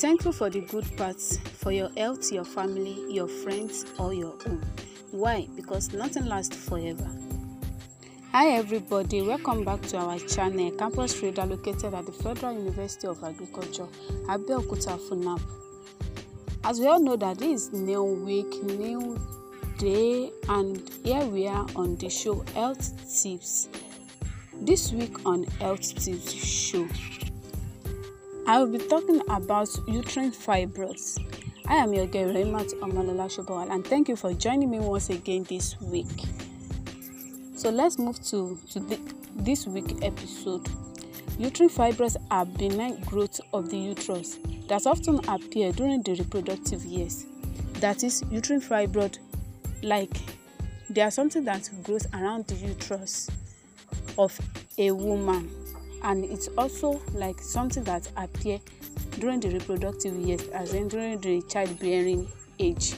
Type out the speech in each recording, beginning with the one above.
thankful for the good parts, for your health, your family, your friends, or your own. Why? Because nothing lasts forever. Hi everybody, welcome back to our channel, Campus Radar located at the Federal University of Agriculture, Abeokuta Funab. As we all know that this is new week, new day and here we are on the show Health Tips. This week on Health Tips show, I will be talking about uterine fibroids. I am your girl Remat Amalala Shobawal and thank you for joining me once again this week. So let's move to, to the, this week episode. Uterine fibroids are benign growths of the uterus that often appear during the reproductive years. That is, uterine fibroid, like they are something that grows around the uterus of a woman and it's also like something that appear during the reproductive years as in during the childbearing age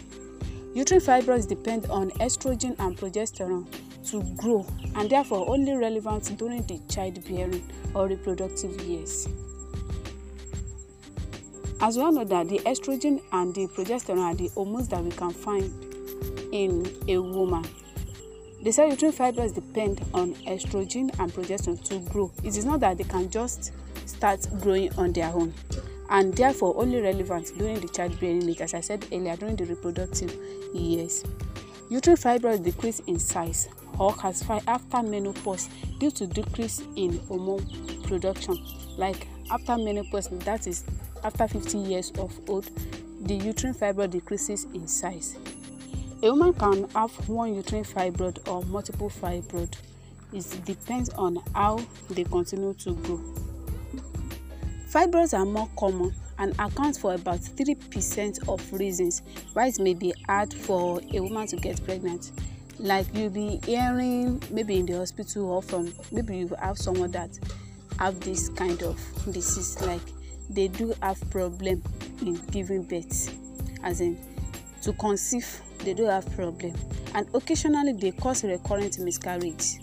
uterine fibroids depend on estrogen and progesterone to grow and therefore only relevant during the childbearing or reproductive years as we all know that the estrogen and the progesterone are the hormones that we can find in a woman They say uterine fibroids depend on estrogen and progesterone to grow. It is not that they can just start growing on their own and therefore only relevant during the childbearing age as I said earlier during the reproductive years. Uterine fibroids decrease in size or calcify after menopause due to decrease in hormone production like after menopause that is after 50 years of old the uterine fibroid decreases in size A woman can have one uterine fibroid or multiple fibroid. It depends on how they continue to grow. Fibroids are more common and account for about 3% of reasons why it may be hard for a woman to get pregnant. Like you'll be hearing maybe in the hospital or from maybe you have someone that have this kind of disease like they do have problem in giving birth as in to conceive they don't have problem and occasionally they cause recurrent miscarriage.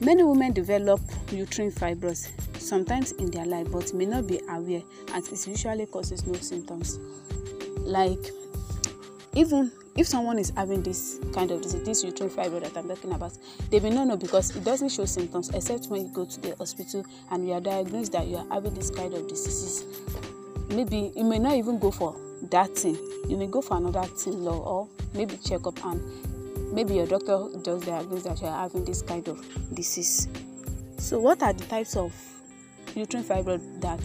Many women develop uterine fibroids sometimes in their life but may not be aware as it usually causes no symptoms. Like even if someone is having this kind of disease, this uterine fibroid that I'm talking about, they may not know because it doesn't show symptoms except when you go to the hospital and you are diagnosed that you are having this kind of disease maybe you may not even go for that thing you may go for another thing law or maybe check up and maybe your doctor just diagnose that you are having this kind of disease so what are the types of uterine fibroid that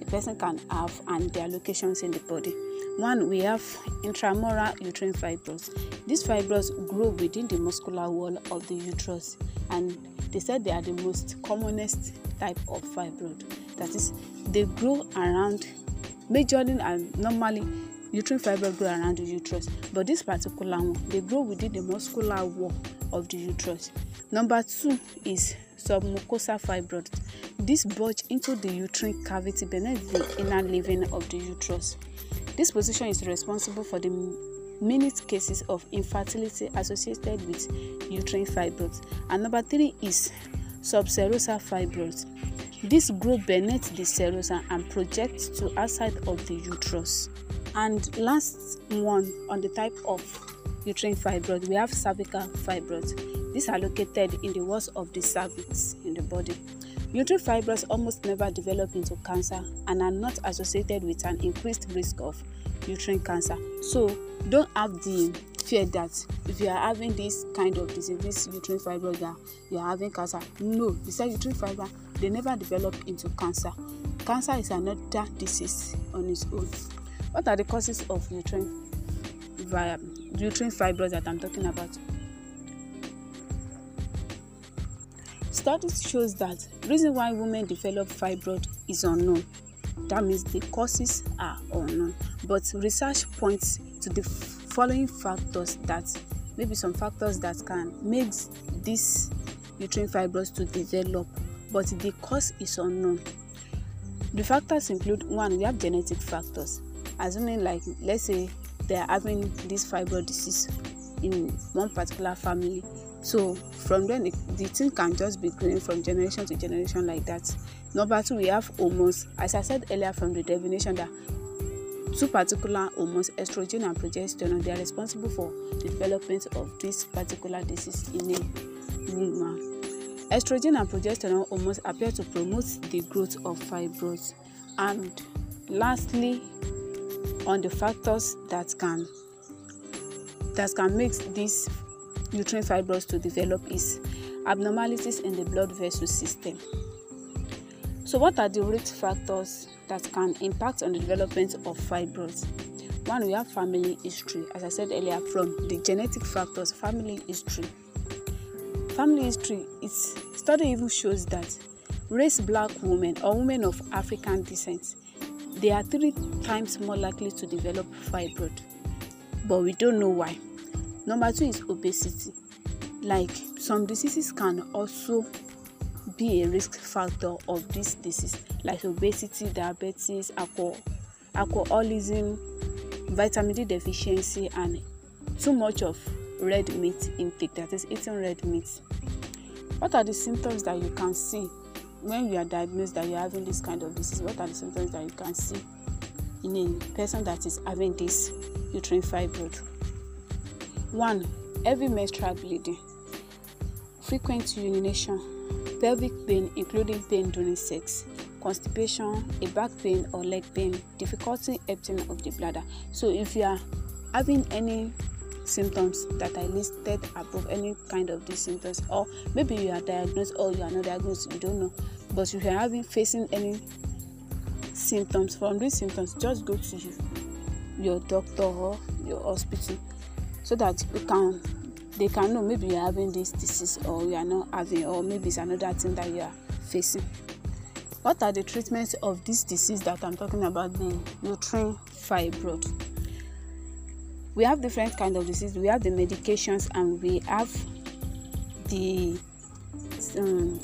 a person can have and their locations in the body one we have intramural uterine fibroids these fibroids grow within the muscular wall of the uterus and they said they are the most commonest type of fibroid that is they grow around Majorly, are normally uterine fibroid grow around the uterus but this particular one dey grow within the muscular wall of the uterus. Number two is submucosal fibroid. This bulge into the uterine cavity beneath the inner lining of the uterus. This position is responsible for the many cases of infertility associated with uterine fibroids. And number three is subserosal fibroids. This group beneath the serosa and projects to outside of the uterus. And last one on the type of uterine fibroid, we have cervical fibroids. These are located in the walls of the cervix in the body. Uterine fibroids almost never develop into cancer and are not associated with an increased risk of uterine cancer. So don't have the fear that if you are having this kind of disease, this uterine fibroid, that you are having cancer. No, besides uterine fibroid they never develop into cancer. Cancer is another disease on its own. What are the causes of uterine, fibroids that I'm talking about? Studies shows that reason why women develop fibroid is unknown. That means the causes are unknown. But research points to the following factors that maybe some factors that can make this uterine fibroids to develop but the cause is unknown. The factors include one, we have genetic factors, assuming like let's say they are having this fibroid disease in one particular family. So from then it, the thing can just be going from generation to generation like that. Number two, we have hormones. As I said earlier from the definition that two particular hormones estrogen and progesterone they are responsible for the development of this particular disease in a woman Estrogen and progesterone hormones appear to promote the growth of fibroids. And lastly, on the factors that can that can make these nutrient fibroids to develop is abnormalities in the blood vessel system. So, what are the risk factors that can impact on the development of fibroids? One, we have family history, as I said earlier, from the genetic factors, family history. Family history it's study even shows that race black women or women of African descent, they are three times more likely to develop fibroid. But we don't know why. Number two is obesity. Like some diseases can also be a risk factor of this disease, like obesity, diabetes, alcohol, alcoholism, vitamin D deficiency, and too much of red meat intake, that is eating red meat. What are the symptoms that you can see when you are diagnosed that you're having this kind of disease? What are the symptoms that you can see in a person that is having this uterine fibroid? One, heavy menstrual bleeding, frequent urination, pelvic pain, including pain during sex, constipation, a back pain or leg pain, difficulty emptying of the bladder. So if you are having any symptoms that I listed above, any kind of these symptoms, or maybe you are diagnosed or you are not diagnosed, you don't know, but if you are having facing any symptoms from these symptoms, just go to you, your doctor or your hospital so that you can they can know maybe you are having this disease or you are not having or maybe it's another thing that you are facing. What are the treatments of this disease that I'm talking about, the uterine fibroid? we have different kind of disease we have the medications and we have the um,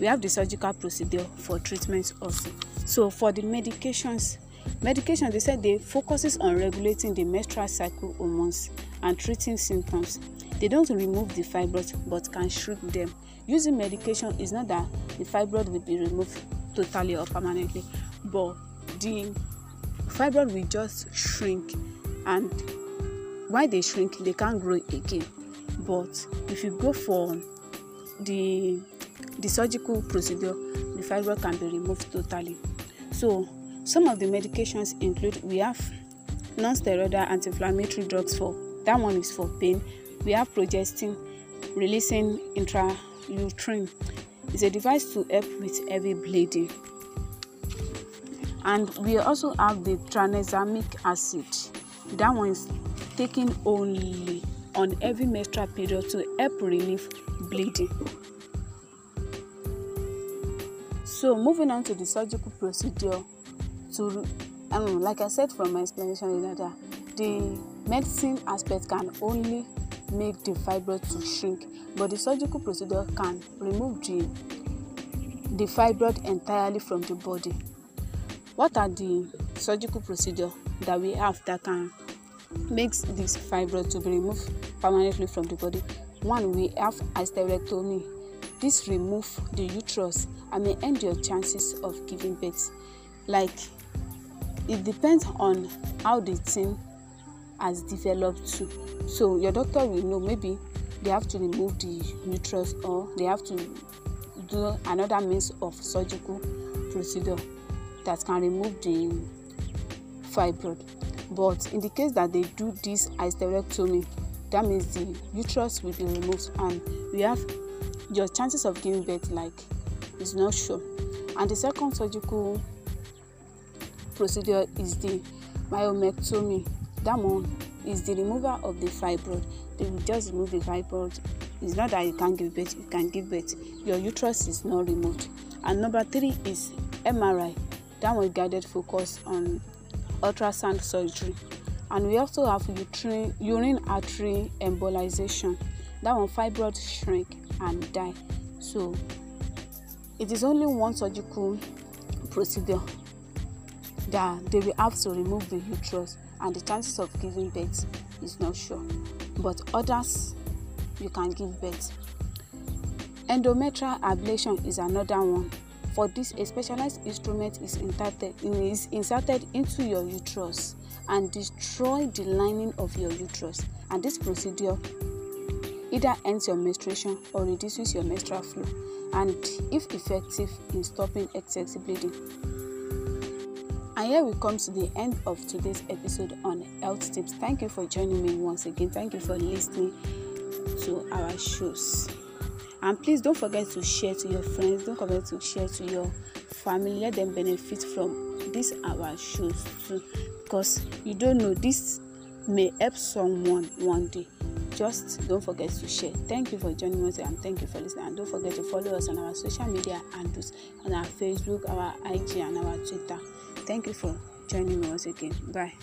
we have the surgical procedure for treatments also so for the medications medication they said they focuses on regulating the menstrual cycle hormones and treating symptoms they don't remove the fibroids but can shrink them using medication is not that the fibroid will be removed totally or permanently but the fibroid will just shrink and why they shrink they can't grow again but if you go for the the surgical procedure the fibroid can be removed totally so some of the medications include we have non-steroidal anti-inflammatory drugs for that one is for pain we have progestin releasing intrauterine it's a device to help with heavy bleeding and we also have the tranexamic acid that one is taken only on every menstrual period to help relieve bleeding. So, moving on to the surgical procedure, to um, like I said from my explanation earlier, the medicine aspect can only make the fibroid to shrink, but the surgical procedure can remove the the fibroid entirely from the body. What are the surgical procedure that we have that can makes this fibroid to be removed permanently from the body one we have hysterectomy this remove the uterus and may end your chances of giving birth like it depends on how the thing has developed too so your doctor will know maybe they have to remove the uterus or they have to do another means of surgical procedure that can remove the fibroid But in the case that they do this hysterectomy, that means the uterus will be removed and you have your chances of giving birth like is not sure. And the second surgical procedure is the myomectomy. That one is the removal of the fibroid. They will just remove the fibroid. It's not that you can't give birth, you can give birth. Your uterus is not removed. And number three is MRI. That one guided focus on ultrasound surgery and we also have uterine, urine artery embolization that one fibroid shrink and die so it is only one surgical procedure that they will have to remove the uterus and the chances of giving birth is not sure but others you can give birth endometrial ablation is another one for this a specialized instrument is inserted, is inserted into your uterus and destroy the lining of your uterus and this procedure either ends your menstruation or reduces your menstrual flow and if effective in stopping excess bleeding and here we come to the end of today's episode on health tips thank you for joining me once again thank you for listening to our shows and please don't forget to share to your friends, don't forget to share to your family. Let them benefit from this our shows too. Because you don't know this may help someone one day. Just don't forget to share. Thank you for joining us and thank you for listening. And don't forget to follow us on our social media handles on our Facebook, our IG, and our Twitter. Thank you for joining us again. Bye.